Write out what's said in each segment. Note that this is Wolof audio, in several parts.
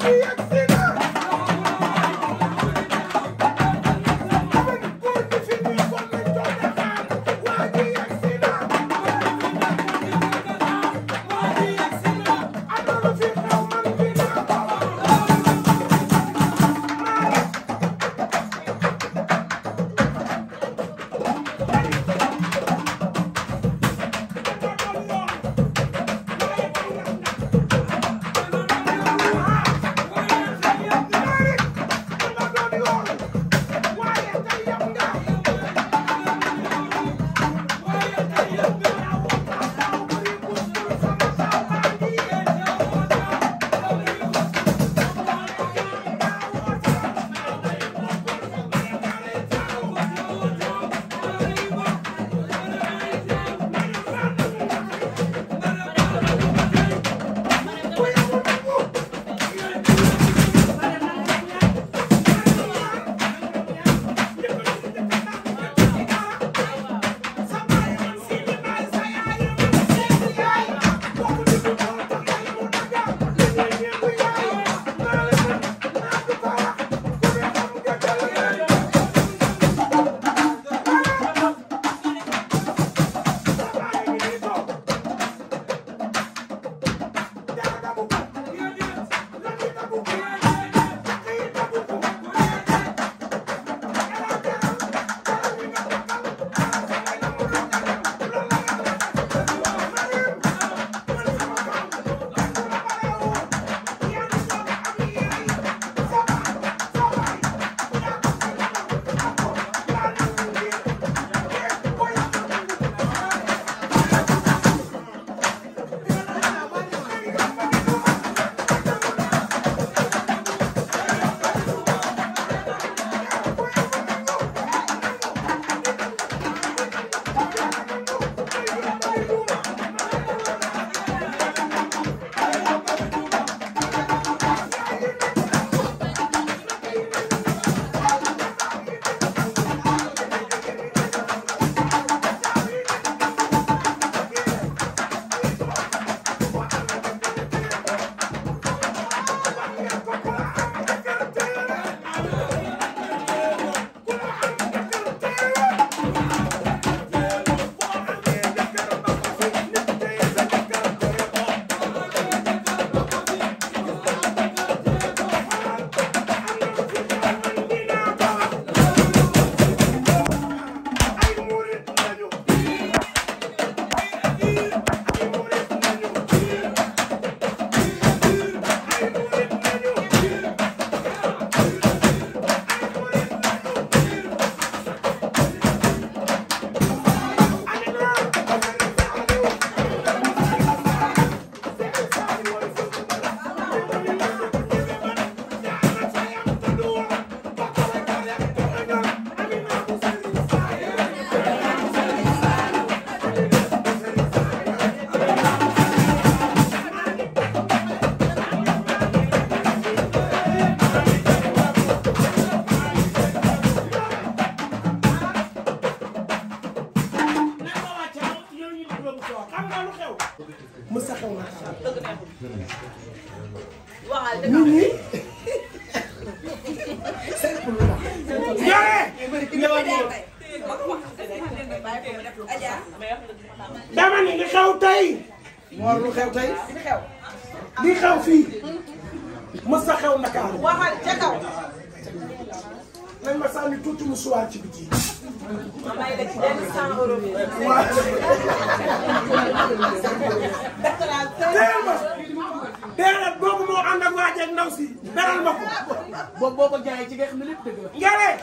Yegg si yegg si dama ne li xew tey. moo lu xew tey. li xew fii. mës a xew Ndakaaru. waxal ca kaw. nañ ma sànni tuuti mu suwaar ci biti. ma may la ci benn cent euro bi. waaw. teel ma. déedéet boobu moo ànd ak waa jeeg ndaw si. beral ma ko. boobu boo ko jaayee ci nga xam ne lépp dëgg la. njëriñ.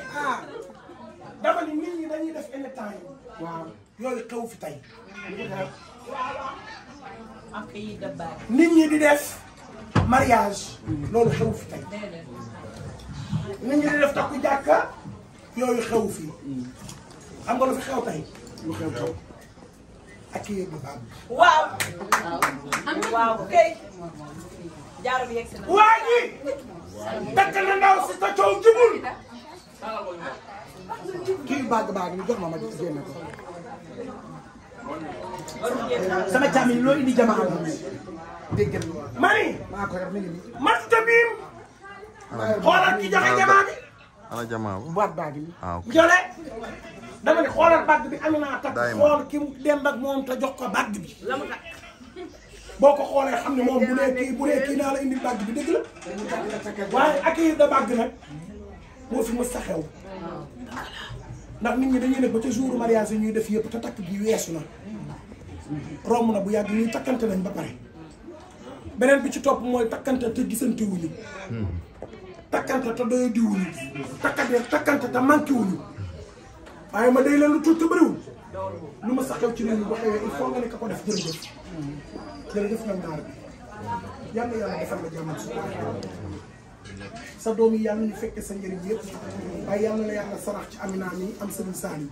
dama ni nit ñi dañuy def yenn temps yi. waaw yooyu xew fi tey. ak yi di def mariage. loolu xew fi tey. nit ñi di def takku jàkka yooyu xew fi. xam nga lu fi xew tey. lu xew tey ak yi du baax. waaw. waaw kay. jaarul yegg si na. waa ji. jubul. kii bàgg bàgg bi jox ma ma génn ko. sama càmmiñ loo indi jamaa am dégg nga. mani. maa ko def mi ngi nii. Master Bim. xoolal ki joxe jamaa bi. ala jamaa bu boîte bàgg bi. ah ok Ndiolé. dama ne xoolal bàgg bi am naa takk xool ki dem ak moom te jox ko bàgg bi. la mu takk. boo ko xoolee xam ne moom bu dee kii bu dee kii naa la indi bàgg bi dëgg la. waaye ak yéen da bàgg nag moo fi mës a xew. ndax nit ñi dañuy def ba ca jour mariage ñuy def yëpp te takk bi weesu na romb na bu yàgg ñuy takkante nañ ba pare beneen bi ci topp mooy takkante te gisantiwu wuñu takkante te doy diwuñu takkante takkante te manqué wuñu waaye ma day leen lu tuut te lu ma saxew ci réew mi waxee il faut nga ne ko def jërëjëf jërëjëf nag naar bi la jàmm sa doom yi yàlla ñu fekkee sa njëriñ yëpp waaye yàlla na yàlla sarax ci amina mi am sëriñ Saali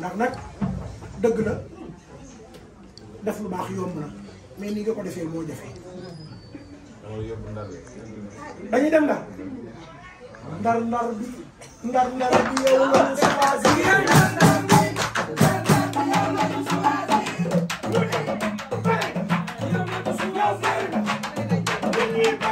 ndax nag dëgg la def lu baax yomb na mais ni nga ko defee moo jafee dañuy dem ndar ndar ndar bi ndar ndar bi yow la sa Keep